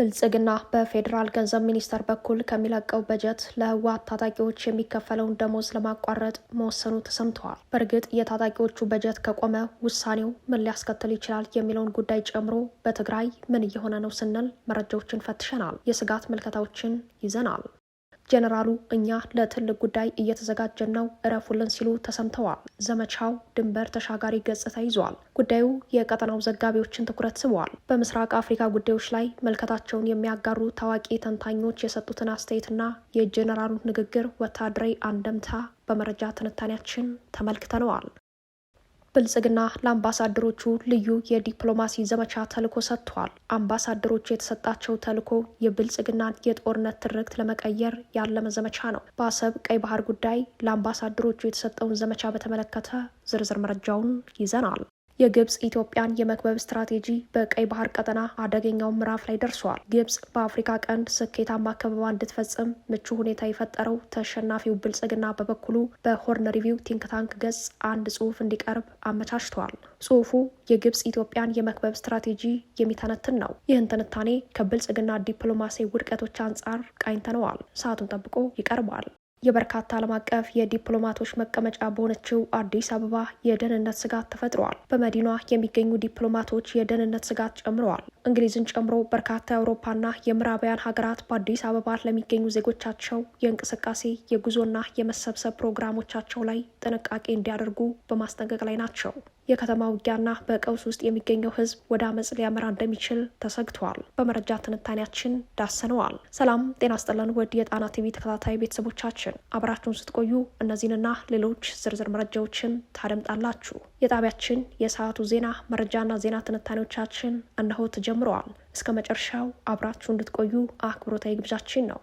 ብልጽግና በፌዴራል ገንዘብ ሚኒስቴር በኩል ከሚለቀው በጀት ለህወሓት ታጣቂዎች የሚከፈለውን ደሞዝ ለማቋረጥ መወሰኑ ተሰምተዋል። በእርግጥ የታጣቂዎቹ በጀት ከቆመ ውሳኔው ምን ሊያስከትል ይችላል የሚለውን ጉዳይ ጨምሮ በትግራይ ምን እየሆነ ነው ስንል መረጃዎችን ፈትሸናል። የስጋት ምልከታዎችን ይዘናል። ጄኔራሉ እኛ ለትልቅ ጉዳይ እየተዘጋጀን ነው እረፉልን ሲሉ ተሰምተዋል። ዘመቻው ድንበር ተሻጋሪ ገጽታ ይዟል። ጉዳዩ የቀጠናው ዘጋቢዎችን ትኩረት ስበዋል። በምስራቅ አፍሪካ ጉዳዮች ላይ መልከታቸውን የሚያጋሩ ታዋቂ ተንታኞች የሰጡትን አስተያየትና የጄኔራሉ ንግግር ወታደራዊ አንደምታ በመረጃ ትንታኔያችን ተመልክተነዋል። ብልጽግና ለአምባሳደሮቹ ልዩ የዲፕሎማሲ ዘመቻ ተልዕኮ ሰጥቷል። አምባሳደሮቹ የተሰጣቸው ተልዕኮ የብልጽግናን የጦርነት ትርክት ለመቀየር ያለመ ዘመቻ ነው። በአሰብ ቀይ ባህር ጉዳይ ለአምባሳደሮቹ የተሰጠውን ዘመቻ በተመለከተ ዝርዝር መረጃውን ይዘናል። የግብጽ ኢትዮጵያን የመክበብ ስትራቴጂ በቀይ ባህር ቀጠና አደገኛው ምዕራፍ ላይ ደርሷል። ግብጽ በአፍሪካ ቀንድ ስኬታማ ከበባ እንድትፈጽም ምቹ ሁኔታ የፈጠረው ተሸናፊው ብልጽግና በበኩሉ በሆርን ሪቪው ቲንክ ገጽ አንድ ጽሑፍ እንዲቀርብ አመቻችተዋል። ጽሁፉ የግብጽ ኢትዮጵያን የመክበብ ስትራቴጂ የሚተነትን ነው። ይህን ትንታኔ ከብልጽግና ዲፕሎማሲ ውድቀቶች አንጻር ቃኝተነዋል። ሰዓቱን ጠብቆ ይቀርባል። የበርካታ ዓለም አቀፍ የዲፕሎማቶች መቀመጫ በሆነችው አዲስ አበባ የደህንነት ስጋት ተፈጥረዋል። በመዲኗ የሚገኙ ዲፕሎማቶች የደህንነት ስጋት ጨምረዋል። እንግሊዝን ጨምሮ በርካታ የአውሮፓና የምዕራባውያን ሀገራት በአዲስ አበባ ለሚገኙ ዜጎቻቸው የእንቅስቃሴ የጉዞና የመሰብሰብ ፕሮግራሞቻቸው ላይ ጥንቃቄ እንዲያደርጉ በማስጠንቀቅ ላይ ናቸው። የከተማ ውጊያና በቀውስ ውስጥ የሚገኘው ሕዝብ ወደ አመፅ ሊያመራ እንደሚችል ተሰግቷል። በመረጃ ትንታኔያችን ዳሰነዋል። ሰላም ጤና ስጠለን ውድ የጣና ቲቪ ተከታታይ ቤተሰቦቻችን አብራችሁን ስትቆዩ እነዚህንና ሌሎች ዝርዝር መረጃዎችን ታደምጣላችሁ። የጣቢያችን የሰዓቱ ዜና መረጃና ዜና ትንታኔዎቻችን እነሆ ተጀምሯል። ጀምረዋል። እስከ መጨረሻው አብራችሁ እንድትቆዩ አክብሮታዊ ግብዣችን ነው።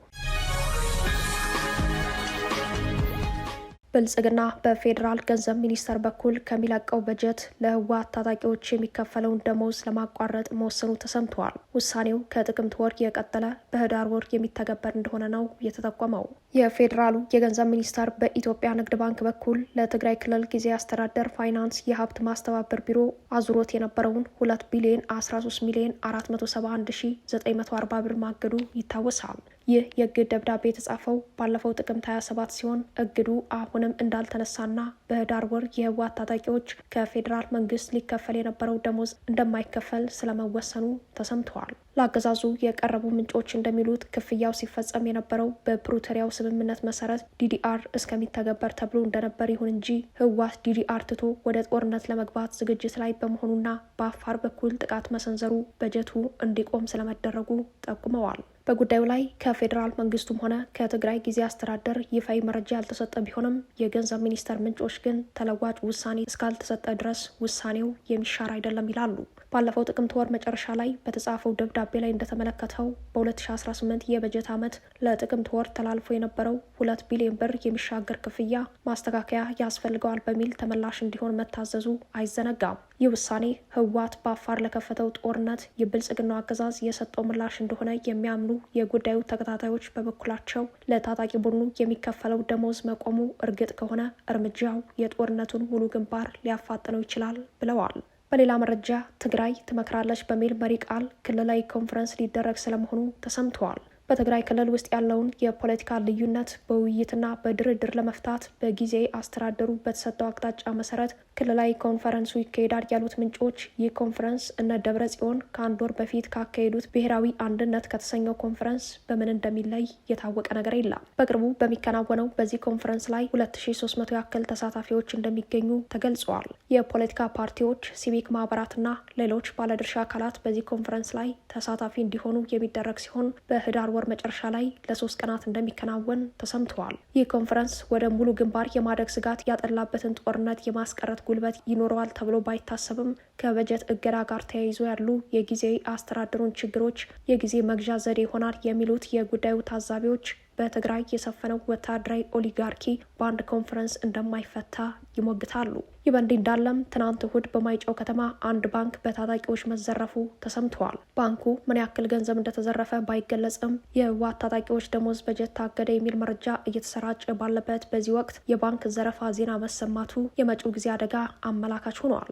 ብልጽግና በፌዴራል ገንዘብ ሚኒስቴር በኩል ከሚለቀው በጀት ለህወሓት ታጣቂዎች የሚከፈለውን ደሞዝ ለማቋረጥ መወሰኑ ተሰምተዋል። ውሳኔው ከጥቅምት ወር የቀጠለ በህዳር ወር የሚተገበር እንደሆነ ነው የተጠቆመው። የፌዴራሉ የገንዘብ ሚኒስቴር በኢትዮጵያ ንግድ ባንክ በኩል ለትግራይ ክልል ጊዜ አስተዳደር ፋይናንስ የሀብት ማስተባበር ቢሮ አዙሮት የነበረውን ሁለት ቢሊዮን 13 ሚሊዮን 471 ሺ 940 ብር ማገዱ ይታወሳል። ይህ የእግድ ደብዳቤ የተጻፈው ባለፈው ጥቅምት 27 ሲሆን እግዱ አሁንም እንዳልተነሳና በህዳር ወር የህወሓት ታጣቂዎች ከፌዴራል መንግስት ሊከፈል የነበረው ደሞዝ እንደማይከፈል ስለመወሰኑ ተሰምተዋል። ለአገዛዙ የቀረቡ ምንጮች እንደሚሉት ክፍያው ሲፈጸም የነበረው በፕሪቶሪያው ስምምነት መሰረት ዲዲአር እስከሚተገበር ተብሎ እንደነበር። ይሁን እንጂ ህወሓት ዲዲአር ትቶ ወደ ጦርነት ለመግባት ዝግጅት ላይ በመሆኑና በአፋር በኩል ጥቃት መሰንዘሩ በጀቱ እንዲቆም ስለመደረጉ ጠቁመዋል። በጉዳዩ ላይ ከፌዴራል መንግስቱም ሆነ ከትግራይ ጊዜ አስተዳደር ይፋዊ መረጃ ያልተሰጠ ቢሆንም የገንዘብ ሚኒስቴር ምንጮች ግን ተለዋጭ ውሳኔ እስካልተሰጠ ድረስ ውሳኔው የሚሻር አይደለም ይላሉ። ባለፈው ጥቅምት ወር መጨረሻ ላይ በተጻፈው ደብዳቤ ላይ እንደተመለከተው በ2018 የበጀት ዓመት ለጥቅምት ወር ተላልፎ የነበረው ሁለት ቢሊዮን ብር የሚሻገር ክፍያ ማስተካከያ ያስፈልገዋል በሚል ተመላሽ እንዲሆን መታዘዙ አይዘነጋም። ይህ ውሳኔ ህወሓት በአፋር ለከፈተው ጦርነት የብልጽግናው አገዛዝ የሰጠው ምላሽ እንደሆነ የሚያምኑ የጉዳዩ ተከታታዮች በበኩላቸው ለታጣቂ ቡድኑ የሚከፈለው ደሞዝ መቆሙ እርግጥ ከሆነ እርምጃው የጦርነቱን ሙሉ ግንባር ሊያፋጥነው ይችላል ብለዋል። በሌላ መረጃ ትግራይ ትመክራለች በሚል መሪ ቃል ክልላዊ ኮንፈረንስ ሊደረግ ስለመሆኑ ተሰምተዋል። በትግራይ ክልል ውስጥ ያለውን የፖለቲካ ልዩነት በውይይትና በድርድር ለመፍታት በጊዜ አስተዳደሩ በተሰጠው አቅጣጫ መሰረት ክልላዊ ኮንፈረንሱ ይካሄዳል ያሉት ምንጮች ይህ ኮንፈረንስ እነ ደብረ ጽዮን ከአንድ ወር በፊት ካካሄዱት ብሔራዊ አንድነት ከተሰኘው ኮንፈረንስ በምን እንደሚለይ የታወቀ ነገር የለም። በቅርቡ በሚከናወነው በዚህ ኮንፈረንስ ላይ 2300 ያክል ተሳታፊዎች እንደሚገኙ ተገልጿል። የፖለቲካ ፓርቲዎች፣ ሲቪክ ማህበራትና ሌሎች ባለድርሻ አካላት በዚህ ኮንፈረንስ ላይ ተሳታፊ እንዲሆኑ የሚደረግ ሲሆን በህዳር ወር መጨረሻ ላይ ለሶስት ቀናት እንደሚከናወን ተሰምተዋል። ይህ ኮንፈረንስ ወደ ሙሉ ግንባር የማደግ ስጋት ያጠላበትን ጦርነት የማስቀረት ጉልበት ይኖረዋል ተብሎ ባይታሰብም ከበጀት እገዳ ጋር ተያይዞ ያሉ የጊዜ አስተዳደሩን ችግሮች የጊዜ መግዣ ዘዴ ይሆናል የሚሉት የጉዳዩ ታዛቢዎች በትግራይ የሰፈነው ወታደራዊ ኦሊጋርኪ በአንድ ኮንፈረንስ እንደማይፈታ ይሞግታሉ። ይህ በእንዲህ እንዳለም ትናንት እሁድ በማይጨው ከተማ አንድ ባንክ በታጣቂዎች መዘረፉ ተሰምተዋል። ባንኩ ምን ያክል ገንዘብ እንደተዘረፈ ባይገለጽም የህወሓት ታጣቂዎች ደሞዝ በጀት ታገደ የሚል መረጃ እየተሰራጨ ባለበት በዚህ ወቅት የባንክ ዘረፋ ዜና መሰማቱ የመጪው ጊዜ አደጋ አመላካች ሆኗል።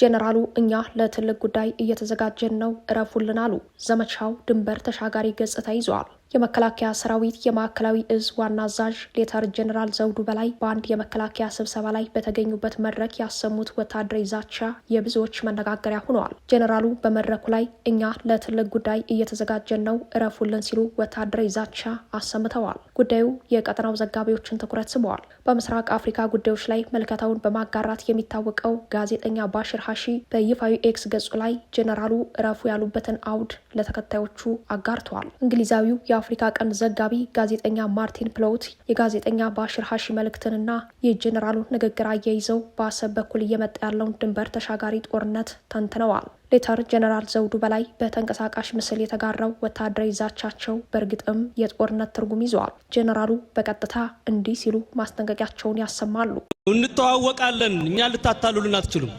ጄኔራሉ እኛ ለትልቅ ጉዳይ እየተዘጋጀን ነው እረፉልን አሉ። ዘመቻው ድንበር ተሻጋሪ ገጽታ ይዘዋል። የመከላከያ ሰራዊት የማዕከላዊ እዝ ዋና አዛዥ ሌተር ጀኔራል ዘውዱ በላይ በአንድ የመከላከያ ስብሰባ ላይ በተገኙበት መድረክ ያሰሙት ወታደራዊ ዛቻ የብዙዎች መነጋገሪያ ሆነዋል። ጀኔራሉ በመድረኩ ላይ እኛ ለትልቅ ጉዳይ እየተዘጋጀን ነው፣ እረፉልን ሲሉ ወታደራዊ ዛቻ አሰምተዋል። ጉዳዩ የቀጠናው ዘጋቢዎችን ትኩረት ስበዋል። በምስራቅ አፍሪካ ጉዳዮች ላይ መልከታውን በማጋራት የሚታወቀው ጋዜጠኛ ባሽር ሀሺ በይፋዊ ኤክስ ገጹ ላይ ጀኔራሉ እረፉ ያሉበትን አውድ ለተከታዮቹ አጋርተዋል። እንግሊዛዊው የአፍሪካ ቀንድ ዘጋቢ ጋዜጠኛ ማርቲን ፕሎውት የጋዜጠኛ ባሽር ሀሺ መልእክትንና የጀኔራሉን ንግግር አያይዘው በአሰብ በኩል እየመጣ ያለውን ድንበር ተሻጋሪ ጦርነት ተንትነዋል። ሌተር ጀነራል ዘውዱ በላይ በተንቀሳቃሽ ምስል የተጋራው ወታደራዊ ዛቻቸው በእርግጥም የጦርነት ትርጉም ይዘዋል። ጀነራሉ በቀጥታ እንዲህ ሲሉ ማስጠንቀቂያቸውን ያሰማሉ። እንተዋወቃለን፣ እኛ ልታታሉልን አትችሉም።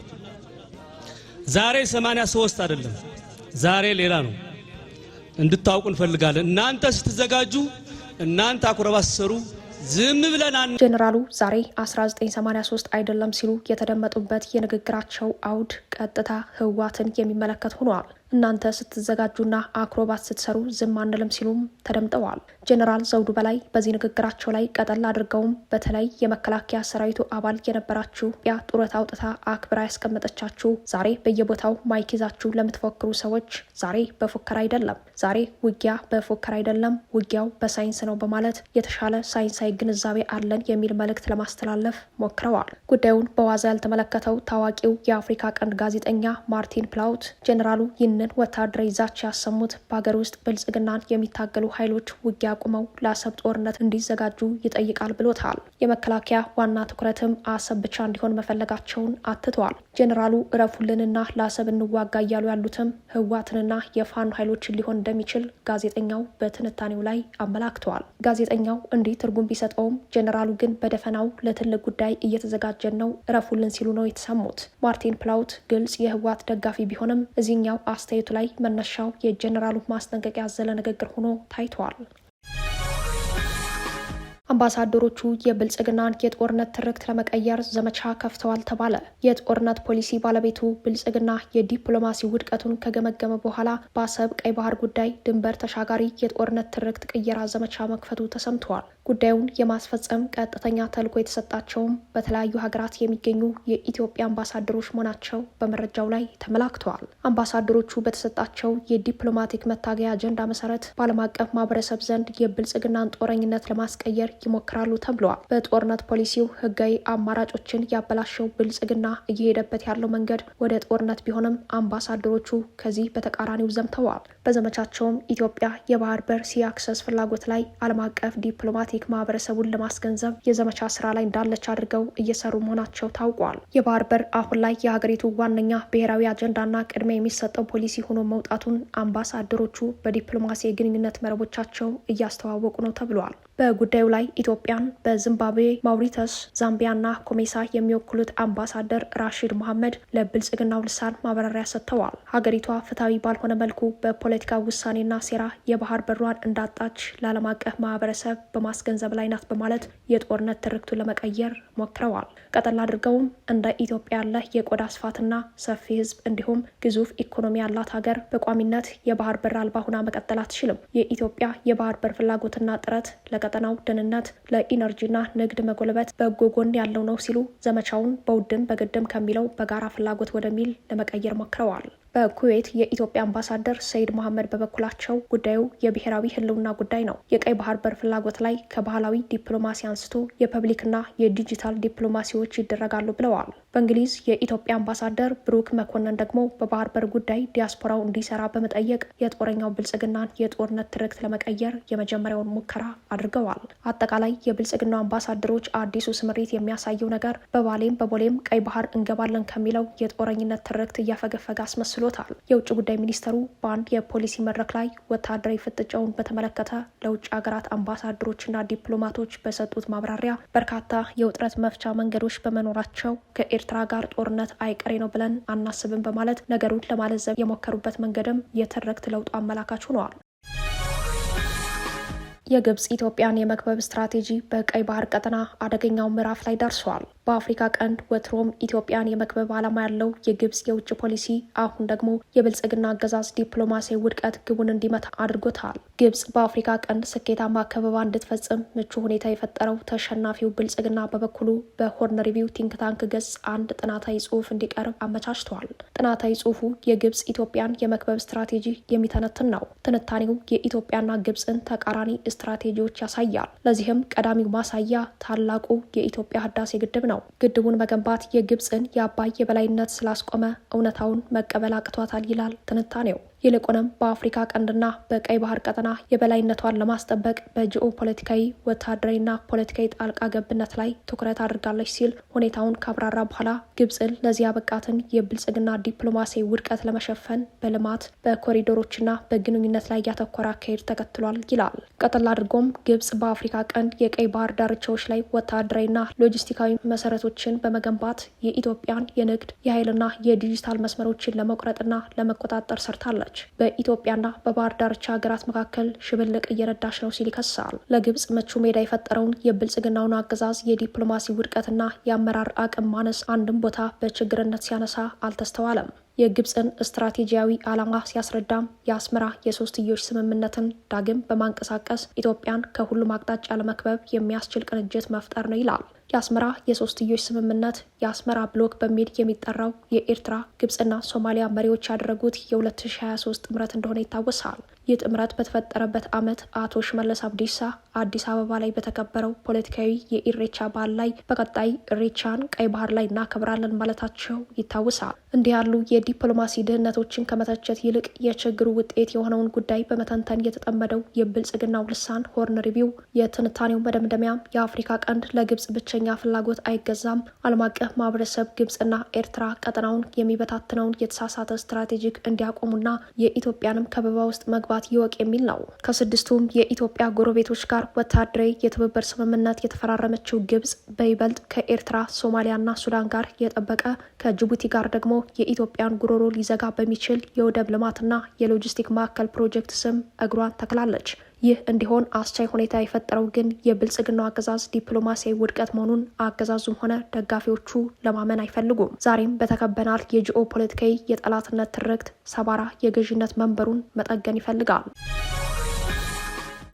ዛሬ 83 ሶስት አይደለም፣ ዛሬ ሌላ ነው እንድታውቁ እንፈልጋለን። እናንተ ስትዘጋጁ፣ እናንተ አኩረባሰሩ ዝም ብለናል። ጀኔራሉ ዛሬ 1983 አይደለም ሲሉ የተደመጡበት የንግግራቸው አውድ ቀጥታ ህዋትን የሚመለከት ሆኗል። እናንተ ስትዘጋጁና አክሮባት ስትሰሩ ዝም አንልም ሲሉም ተደምጠዋል። ጀኔራል ዘውዱ በላይ በዚህ ንግግራቸው ላይ ቀጠል አድርገውም በተለይ የመከላከያ ሰራዊቱ አባል የነበራችሁ ያ ጡረታ አውጥታ አክብራ ያስቀመጠቻችሁ ዛሬ በየቦታው ማይክ ይዛችሁ ለምትፎክሩ ሰዎች ዛሬ በፉከር አይደለም፣ ዛሬ ውጊያ በፉከር አይደለም፣ ውጊያው በሳይንስ ነው በማለት የተሻለ ሳይንሳዊ ግንዛቤ አለን የሚል መልእክት ለማስተላለፍ ሞክረዋል። ጉዳዩን በዋዛ ያልተመለከተው ታዋቂው የአፍሪካ ቀንድ ጋዜጠኛ ማርቲን ፕላውት ጀኔራሉ ይህን ይህንን ወታደራዊ ዛቻ ያሰሙት በሀገር ውስጥ ብልጽግናን የሚታገሉ ኃይሎች ውጊያ አቁመው ለአሰብ ጦርነት እንዲዘጋጁ ይጠይቃል ብሎታል። የመከላከያ ዋና ትኩረትም አሰብ ብቻ እንዲሆን መፈለጋቸውን አትተዋል። ጄኔራሉ እረፉልንና ለአሰብ እንዋጋ እያሉ ያሉትም ህዋትንና የፋኖ ኃይሎችን ሊሆን እንደሚችል ጋዜጠኛው በትንታኔው ላይ አመላክተዋል። ጋዜጠኛው እንዲህ ትርጉም ቢሰጠውም ጄኔራሉ ግን በደፈናው ለትልቅ ጉዳይ እየተዘጋጀን ነው እረፉልን ሲሉ ነው የተሰሙት። ማርቲን ፕላውት ግልጽ የህዋት ደጋፊ ቢሆንም እዚህኛው አስ አስተያየቱ ላይ መነሻው የጀኔራሉ ማስጠንቀቂያ ያዘለ ንግግር ሆኖ ታይቷል። አምባሳደሮቹ የብልጽግናን የጦርነት ትርክት ለመቀየር ዘመቻ ከፍተዋል ተባለ። የጦርነት ፖሊሲ ባለቤቱ ብልጽግና የዲፕሎማሲ ውድቀቱን ከገመገመ በኋላ በአሰብ ቀይ ባህር ጉዳይ ድንበር ተሻጋሪ የጦርነት ትርክት ቅየራ ዘመቻ መክፈቱ ተሰምተዋል። ጉዳዩን የማስፈጸም ቀጥተኛ ተልዕኮ የተሰጣቸውም በተለያዩ ሀገራት የሚገኙ የኢትዮጵያ አምባሳደሮች መሆናቸው በመረጃው ላይ ተመላክተዋል። አምባሳደሮቹ በተሰጣቸው የዲፕሎማቲክ መታገያ አጀንዳ መሰረት በዓለም አቀፍ ማህበረሰብ ዘንድ የብልጽግናን ጦረኝነት ለማስቀየር ይሞክራሉ ተብለዋል። በጦርነት ፖሊሲው ህጋዊ አማራጮችን ያበላሸው ብልጽግና እየሄደበት ያለው መንገድ ወደ ጦርነት ቢሆንም አምባሳደሮቹ ከዚህ በተቃራኒው ዘምተዋል። በዘመቻቸውም ኢትዮጵያ የባህር በር አክሰስ ፍላጎት ላይ ዓለም አቀፍ ዲፕሎማቲክ ማህበረሰቡን ለማስገንዘብ የዘመቻ ስራ ላይ እንዳለች አድርገው እየሰሩ መሆናቸው ታውቋል። የባህር በር አሁን ላይ የሀገሪቱ ዋነኛ ብሔራዊ አጀንዳና ቅድሚያ የሚሰጠው ፖሊሲ ሆኖ መውጣቱን አምባሳደሮቹ በዲፕሎማሲ የግንኙነት መረቦቻቸው እያስተዋወቁ ነው ተብሏል። በጉዳዩ ላይ ኢትዮጵያን በዚምባብዌ፣ ማውሪተስ፣ ዛምቢያና ኮሜሳ የሚወክሉት አምባሳደር ራሺድ መሐመድ ለብልጽግናው ልሳን ማብራሪያ ሰጥተዋል። ሀገሪቷ ፍትሐዊ ባልሆነ መልኩ በፖለቲካ ውሳኔና ሴራ የባህር በሯን እንዳጣች ለዓለም አቀፍ ማህበረሰብ በማስገንዘብ ላይ ናት በማለት የጦርነት ትርክቱን ለመቀየር ሞክረዋል። ቀጠል አድርገውም እንደ ኢትዮጵያ ያለ የቆዳ ስፋትና ሰፊ ህዝብ እንዲሁም ግዙፍ ኢኮኖሚ ያላት ሀገር በቋሚነት የባህር በር አልባ ሁና መቀጠል አትችልም። የኢትዮጵያ የባህር በር ፍላጎትና ጥረት ለቀጠናው ደህንነት፣ ለኢነርጂና ንግድ መጎልበት በጎ ጎን ያለው ነው ሲሉ ዘመቻውን በውድም በግድም ከሚለው በጋራ ፍላጎት ወደሚል ለመቀየር ሞክረዋል። በኩዌት የኢትዮጵያ አምባሳደር ሰይድ መሐመድ በበኩላቸው ጉዳዩ የብሔራዊ ህልውና ጉዳይ ነው። የቀይ ባህር በር ፍላጎት ላይ ከባህላዊ ዲፕሎማሲ አንስቶ የፐብሊክና የዲጂታል ዲፕሎማሲዎች ይደረጋሉ ብለዋል። በእንግሊዝ የኢትዮጵያ አምባሳደር ብሩክ መኮንን ደግሞ በባህር በር ጉዳይ ዲያስፖራው እንዲሰራ በመጠየቅ የጦረኛው ብልጽግናን የጦርነት ትርክት ለመቀየር የመጀመሪያውን ሙከራ አድርገዋል። አጠቃላይ የብልጽግናው አምባሳደሮች አዲሱ ስምሪት የሚያሳየው ነገር በባሌም በቦሌም ቀይ ባህር እንገባለን ከሚለው የጦረኝነት ትርክት እያፈገፈገ አስመስሎታል። የውጭ ጉዳይ ሚኒስተሩ በአንድ የፖሊሲ መድረክ ላይ ወታደራዊ ፍጥጫውን በተመለከተ ለውጭ ሀገራት አምባሳደሮችና ዲፕሎማቶች በሰጡት ማብራሪያ በርካታ የውጥረት መፍቻ መንገዶች በመኖራቸው ከኤርትራ ከኤርትራ ጋር ጦርነት አይቀሬ ነው ብለን አናስብም በማለት ነገሩን ለማለዘብ የሞከሩበት መንገድም የትርክት ለውጡ አመላካች ሆነዋል። የግብጽ ኢትዮጵያን የመክበብ ስትራቴጂ በቀይ ባህር ቀጠና አደገኛው ምዕራፍ ላይ ደርሷል። በአፍሪካ ቀንድ ወትሮም ኢትዮጵያን የመክበብ ዓላማ ያለው የግብጽ የውጭ ፖሊሲ አሁን ደግሞ የብልጽግና አገዛዝ ዲፕሎማሲ ውድቀት ግቡን እንዲመታ አድርጎታል። ግብጽ በአፍሪካ ቀንድ ስኬታማ ከበባ እንድትፈጽም ምቹ ሁኔታ የፈጠረው ተሸናፊው ብልጽግና በበኩሉ በሆርን ሪቪው ቲንክ ታንክ ገጽ አንድ ጥናታዊ ጽሁፍ እንዲቀርብ አመቻችተዋል። ጥናታዊ ጽሁፉ የግብጽ ኢትዮጵያን የመክበብ ስትራቴጂ የሚተነትን ነው። ትንታኔው የኢትዮጵያና ግብጽን ተቃራኒ ስትራቴጂዎች ያሳያል። ለዚህም ቀዳሚው ማሳያ ታላቁ የኢትዮጵያ ህዳሴ ግድብ ነው። ግድቡን መገንባት የግብጽን የአባይ የበላይነት ስላስቆመ እውነታውን መቀበል አቅቷታል ይላል ትንታኔው። ይልቁንም በአፍሪካ ቀንድና በቀይ ባህር ቀጠና የበላይነቷን ለማስጠበቅ በጂኦ ፖለቲካዊ ወታደራዊና ፖለቲካዊ ጣልቃ ገብነት ላይ ትኩረት አድርጋለች ሲል ሁኔታውን ካብራራ በኋላ ግብፅን ለዚያ በቃትን የብልጽግና ዲፕሎማሲ ውድቀት ለመሸፈን በልማት በኮሪዶሮችና በግንኙነት ላይ ያተኮረ አካሄድ ተከትሏል ይላል። ቀጥል አድርጎም ግብጽ በአፍሪካ ቀንድ የቀይ ባህር ዳርቻዎች ላይ ወታደራዊና ሎጂስቲካዊ መሰረቶችን በመገንባት የኢትዮጵያን የንግድ የኃይልና የዲጂታል መስመሮችን ለመቁረጥና ለመቆጣጠር ሰርታለች። ትገኛለች። በኢትዮጵያና በባህር ዳርቻ ሀገራት መካከል ሽብልቅ እየረዳች ነው ሲል ይከሳል። ለግብጽ ምቹ ሜዳ የፈጠረውን የብልጽግናውን አገዛዝ የዲፕሎማሲ ውድቀትና የአመራር አቅም ማነስ አንድም ቦታ በችግርነት ሲያነሳ አልተስተዋለም። የግብፅን ስትራቴጂያዊ ዓላማ ሲያስረዳም የአስመራ የሶስትዮሽ ስምምነትን ዳግም በማንቀሳቀስ ኢትዮጵያን ከሁሉም አቅጣጫ ለመክበብ የሚያስችል ቅንጅት መፍጠር ነው ይላል። የአስመራ የሶስትዮሽ ስምምነት የአስመራ ብሎክ በሚል የሚጠራው የኤርትራ ግብጽና ሶማሊያ መሪዎች ያደረጉት የ2023 ጥምረት እንደሆነ ይታወሳል። ይህ ጥምረት በተፈጠረበት ዓመት አቶ ሽመለስ አብዲሳ አዲስ አበባ ላይ በተከበረው ፖለቲካዊ የኢሬቻ በዓል ላይ በቀጣይ ኢሬቻን ቀይ ባህር ላይ እናከብራለን ማለታቸው ይታወሳል። እንዲህ ያሉ የዲፕሎማሲ ድህነቶችን ከመተቸት ይልቅ የችግሩ ውጤት የሆነውን ጉዳይ በመተንተን የተጠመደው የብልጽግናው ልሳን ሆርን ሪቪው የትንታኔው መደምደሚያ የአፍሪካ ቀንድ ለግብጽ ብቻ በሽብርተኛ ፍላጎት አይገዛም። ዓለም አቀፍ ማህበረሰብ ግብጽና ኤርትራ ቀጠናውን የሚበታትነውን የተሳሳተ ስትራቴጂክ እንዲያቆሙና የኢትዮጵያንም ከበባ ውስጥ መግባት ይወቅ የሚል ነው። ከስድስቱም የኢትዮጵያ ጎረቤቶች ጋር ወታደራዊ የትብብር ስምምነት የተፈራረመችው ግብጽ በይበልጥ ከኤርትራ፣ ሶማሊያና ሱዳን ጋር የጠበቀ ከጅቡቲ ጋር ደግሞ የኢትዮጵያን ጉሮሮ ሊዘጋ በሚችል የወደብ ልማትና የሎጂስቲክ ማዕከል ፕሮጀክት ስም እግሯን ተክላለች። ይህ እንዲሆን አስቻይ ሁኔታ የፈጠረው ግን የብልጽግናው አገዛዝ ዲፕሎማሲያዊ ውድቀት መሆኑን አገዛዙም ሆነ ደጋፊዎቹ ለማመን አይፈልጉም። ዛሬም በተከበናል የጂኦ ፖለቲካዊ የጠላትነት ትርክት ሰባራ የገዥነት መንበሩን መጠገን ይፈልጋል።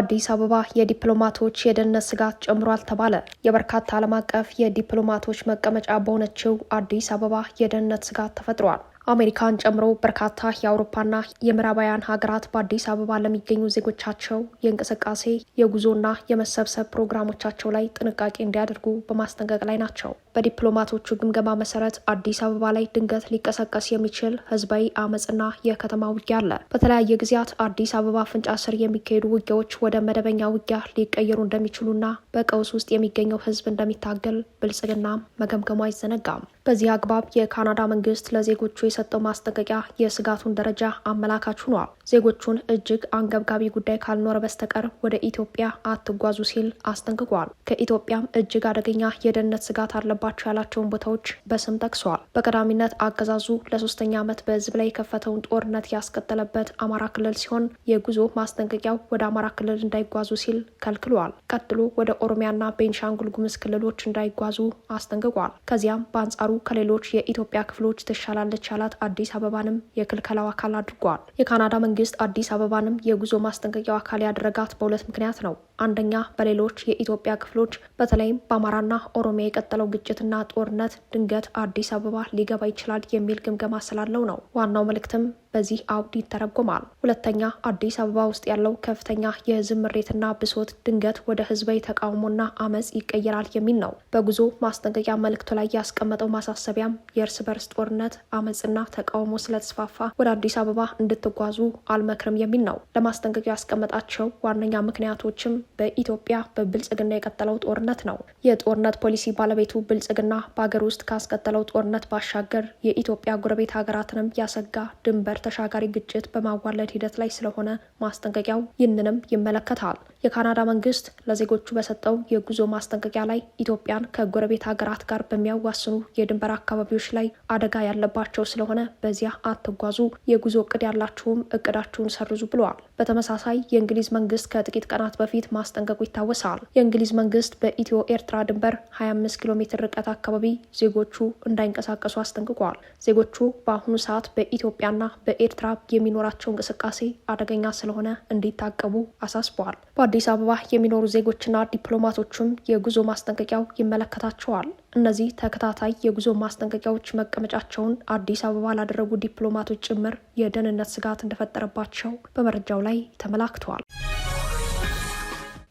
አዲስ አበባ የዲፕሎማቶች የደህንነት ስጋት ጨምሯል ተባለ። የበርካታ ዓለም አቀፍ የዲፕሎማቶች መቀመጫ በሆነችው አዲስ አበባ የደህንነት ስጋት ተፈጥሯል። አሜሪካን ጨምሮ በርካታ የአውሮፓና የምዕራባውያን ሀገራት በአዲስ አበባ ለሚገኙ ዜጎቻቸው የእንቅስቃሴ የጉዞና የመሰብሰብ ፕሮግራሞቻቸው ላይ ጥንቃቄ እንዲያደርጉ በማስጠንቀቅ ላይ ናቸው። በዲፕሎማቶቹ ግምገማ መሰረት አዲስ አበባ ላይ ድንገት ሊቀሰቀስ የሚችል ህዝባዊ አመፅና የከተማ ውጊያ አለ። በተለያየ ጊዜያት አዲስ አበባ አፍንጫ ስር የሚካሄዱ ውጊያዎች ወደ መደበኛ ውጊያ ሊቀየሩ እንደሚችሉና በቀውስ ውስጥ የሚገኘው ህዝብ እንደሚታገል ብልጽግና መገምገሙ አይዘነጋም። በዚህ አግባብ የካናዳ መንግስት ለዜጎቹ የሰጠው ማስጠንቀቂያ የስጋቱን ደረጃ አመላካች ሆኗል። ዜጎቹን እጅግ አንገብጋቢ ጉዳይ ካልኖረ በስተቀር ወደ ኢትዮጵያ አትጓዙ ሲል አስጠንቅቋል። ከኢትዮጵያም እጅግ አደገኛ የደህንነት ስጋት አለበት አለባቸው ያላቸውን ቦታዎች በስም ጠቅሰዋል። በቀዳሚነት አገዛዙ ለሶስተኛ ዓመት በህዝብ ላይ የከፈተውን ጦርነት ያስቀጠለበት አማራ ክልል ሲሆን የጉዞ ማስጠንቀቂያው ወደ አማራ ክልል እንዳይጓዙ ሲል ከልክሏል። ቀጥሎ ወደ ኦሮሚያና ቤንሻንጉል ጉምዝ ክልሎች እንዳይጓዙ አስጠንቅቋል። ከዚያም በአንጻሩ ከሌሎች የኢትዮጵያ ክፍሎች ትሻላለች ያላት አዲስ አበባንም የክልከላው አካል አድርጓል። የካናዳ መንግስት አዲስ አበባንም የጉዞ ማስጠንቀቂያው አካል ያደረጋት በሁለት ምክንያት ነው። አንደኛ በሌሎች የኢትዮጵያ ክፍሎች በተለይም በአማራና ኦሮሚያ የቀጠለው ግጭት ግጭትና ጦርነት ድንገት አዲስ አበባ ሊገባ ይችላል የሚል ግምገማ ስላለው ነው። ዋናው መልእክትም በዚህ አውድ ይተረጎማል። ሁለተኛ አዲስ አበባ ውስጥ ያለው ከፍተኛ የህዝብ ምሬትና ብሶት ድንገት ወደ ህዝባዊ ተቃውሞና አመፅ ይቀየራል የሚል ነው። በጉዞ ማስጠንቀቂያ መልእክቱ ላይ ያስቀመጠው ማሳሰቢያም የእርስ በርስ ጦርነት አመፅና ተቃውሞ ስለተስፋፋ ወደ አዲስ አበባ እንድትጓዙ አልመክርም የሚል ነው። ለማስጠንቀቂያ ያስቀመጣቸው ዋነኛ ምክንያቶችም በኢትዮጵያ በብልጽግና የቀጠለው ጦርነት ነው። የጦርነት ፖሊሲ ባለቤቱ ብልጽግና በሀገር ውስጥ ካስቀጠለው ጦርነት ባሻገር የኢትዮጵያ ጎረቤት ሀገራትንም ያሰጋ ድንበር ተሻጋሪ ግጭት በማዋለድ ሂደት ላይ ስለሆነ ማስጠንቀቂያው ይህንንም ይመለከታል። የካናዳ መንግስት ለዜጎቹ በሰጠው የጉዞ ማስጠንቀቂያ ላይ ኢትዮጵያን ከጎረቤት ሀገራት ጋር በሚያዋስኑ የድንበር አካባቢዎች ላይ አደጋ ያለባቸው ስለሆነ በዚያ አትጓዙ፣ የጉዞ እቅድ ያላችሁም እቅዳችሁን ሰርዙ ብለዋል። በተመሳሳይ የእንግሊዝ መንግስት ከጥቂት ቀናት በፊት ማስጠንቀቁ ይታወሳል። የእንግሊዝ መንግስት በኢትዮ ኤርትራ ድንበር 25 ኪሎ ሜትር ርቀት አካባቢ ዜጎቹ እንዳይንቀሳቀሱ አስጠንቅቋል። ዜጎቹ በአሁኑ ሰዓት በኢትዮጵያና በ በኤርትራ የሚኖራቸው እንቅስቃሴ አደገኛ ስለሆነ እንዲታቀቡ አሳስበዋል። በአዲስ አበባ የሚኖሩ ዜጎችና ዲፕሎማቶችም የጉዞ ማስጠንቀቂያው ይመለከታቸዋል። እነዚህ ተከታታይ የጉዞ ማስጠንቀቂያዎች መቀመጫቸውን አዲስ አበባ ላደረጉ ዲፕሎማቶች ጭምር የደህንነት ስጋት እንደፈጠረባቸው በመረጃው ላይ ተመላክተዋል።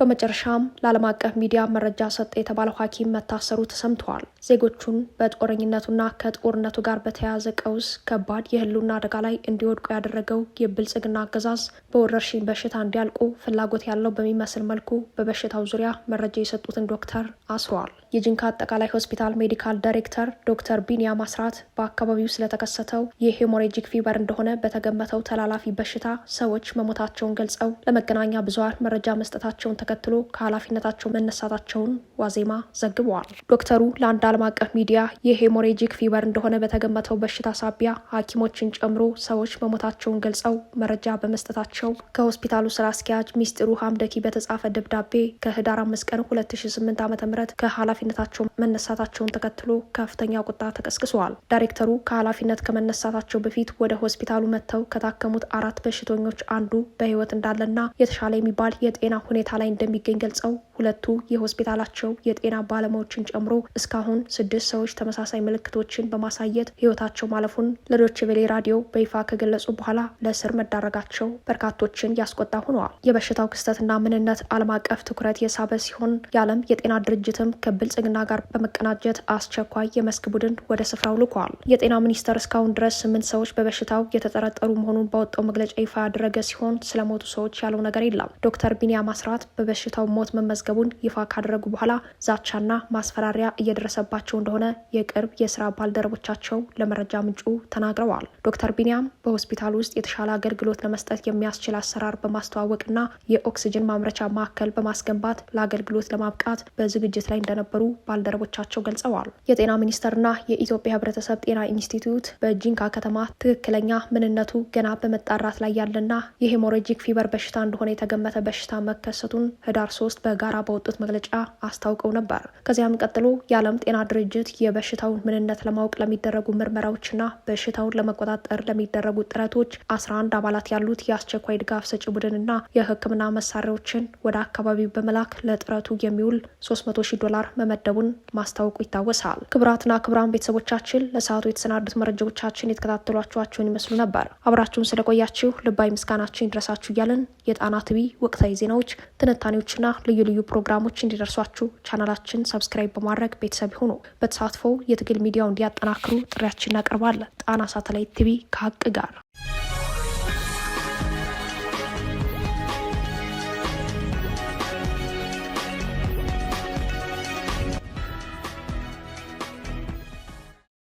በመጨረሻም ለዓለም አቀፍ ሚዲያ መረጃ ሰጠ የተባለው ሐኪም መታሰሩ ተሰምተዋል። ዜጎቹን በጦረኝነቱና ከጦርነቱ ጋር በተያያዘ ቀውስ ከባድ የህልውና አደጋ ላይ እንዲወድቁ ያደረገው የብልጽግና አገዛዝ በወረርሽኝ በሽታ እንዲያልቁ ፍላጎት ያለው በሚመስል መልኩ በበሽታው ዙሪያ መረጃ የሰጡትን ዶክተር አስረዋል። የጅንካ አጠቃላይ ሆስፒታል ሜዲካል ዳይሬክተር ዶክተር ቢኒያም አስራት በአካባቢው ስለተከሰተው የሄሞሬጂክ ፊቨር እንደሆነ በተገመተው ተላላፊ በሽታ ሰዎች መሞታቸውን ገልጸው ለመገናኛ ብዙኃን መረጃ መስጠታቸውን ተከትሎ ከኃላፊነታቸው መነሳታቸውን ዋዜማ ዘግበዋል። ዶክተሩ ለአንዳ ዓለም አቀፍ ሚዲያ የሄሞሬጂክ ፊበር እንደሆነ በተገመተው በሽታ ሳቢያ ሐኪሞችን ጨምሮ ሰዎች መሞታቸውን ገልጸው መረጃ በመስጠታቸው ከሆስፒታሉ ስራ አስኪያጅ ሚስጢሩ ሀምደኪ በተጻፈ ደብዳቤ ከህዳር አምስት ቀን 2008 ዓ ም ከኃላፊነታቸው መነሳታቸውን ተከትሎ ከፍተኛ ቁጣ ተቀስቅሰዋል። ዳይሬክተሩ ከኃላፊነት ከመነሳታቸው በፊት ወደ ሆስፒታሉ መጥተው ከታከሙት አራት በሽተኞች አንዱ በህይወት እንዳለና የተሻለ የሚባል የጤና ሁኔታ ላይ እንደሚገኝ ገልጸው ሁለቱ የሆስፒታላቸው የጤና ባለሙያዎችን ጨምሮ እስካሁን ስድስት ሰዎች ተመሳሳይ ምልክቶችን በማሳየት ህይወታቸው ማለፉን ለዶችቬሌ ራዲዮ በይፋ ከገለጹ በኋላ ለእስር መዳረጋቸው በርካቶችን ያስቆጣ ሆነዋል። የበሽታው ክስተትና ምንነት ዓለም አቀፍ ትኩረት የሳበ ሲሆን የዓለም የጤና ድርጅትም ከብልጽግና ጋር በመቀናጀት አስቸኳይ የመስክ ቡድን ወደ ስፍራው ልኳል። የጤና ሚኒስቴር እስካሁን ድረስ ስምንት ሰዎች በበሽታው የተጠረጠሩ መሆኑን ባወጣው መግለጫ ይፋ ያደረገ ሲሆን ስለሞቱ ሰዎች ያለው ነገር የለም። ዶክተር ቢኒያም አስራት በበሽታው ሞት መመዝገ መመዝገቡን ይፋ ካደረጉ በኋላ ዛቻና ማስፈራሪያ እየደረሰባቸው እንደሆነ የቅርብ የስራ ባልደረቦቻቸው ለመረጃ ምንጩ ተናግረዋል። ዶክተር ቢንያም በሆስፒታል ውስጥ የተሻለ አገልግሎት ለመስጠት የሚያስችል አሰራር በማስተዋወቅና የኦክስጅን ማምረቻ ማዕከል በማስገንባት ለአገልግሎት ለማብቃት በዝግጅት ላይ እንደነበሩ ባልደረቦቻቸው ገልጸዋል። የጤና ሚኒስቴርና የኢትዮጵያ ህብረተሰብ ጤና ኢንስቲትዩት በጂንካ ከተማ ትክክለኛ ምንነቱ ገና በመጣራት ላይ ያለና የሄሞሮጂክ ፊበር በሽታ እንደሆነ የተገመተ በሽታ መከሰቱን ህዳር ሶስት በጋራ በወጡት መግለጫ አስታውቀው ነበር። ከዚያም ቀጥሎ የዓለም ጤና ድርጅት የበሽታውን ምንነት ለማወቅ ለሚደረጉ ምርመራዎችና በሽታውን ለመቆጣጠር ለሚደረጉ ጥረቶች አስራ አንድ አባላት ያሉት የአስቸኳይ ድጋፍ ሰጪ ቡድንና የሕክምና መሳሪያዎችን ወደ አካባቢው በመላክ ለጥረቱ የሚውል 300 ሺህ ዶላር መመደቡን ማስታወቁ ይታወሳል። ክብራትና ክብራን ቤተሰቦቻችን ለሰዓቱ የተሰናዱት መረጃዎቻችን የተከታተሏችኋቸውን ይመስሉ ነበር። አብራችሁን ስለቆያችሁ ልባዊ ምስጋናችን ይድረሳችሁ እያለን የጣና ቲቪ ወቅታዊ ዜናዎች፣ ትንታኔዎችና ልዩ ልዩ የተለያዩ ፕሮግራሞች እንዲደርሷችሁ ቻናላችን ሰብስክራይብ በማድረግ ቤተሰብ ይሁኑ። በተሳትፎ የትግል ሚዲያው እንዲያጠናክሩ ጥሪያችን እናቀርባለን። ጣና ሳተላይት ቲቪ ከሀቅ ጋር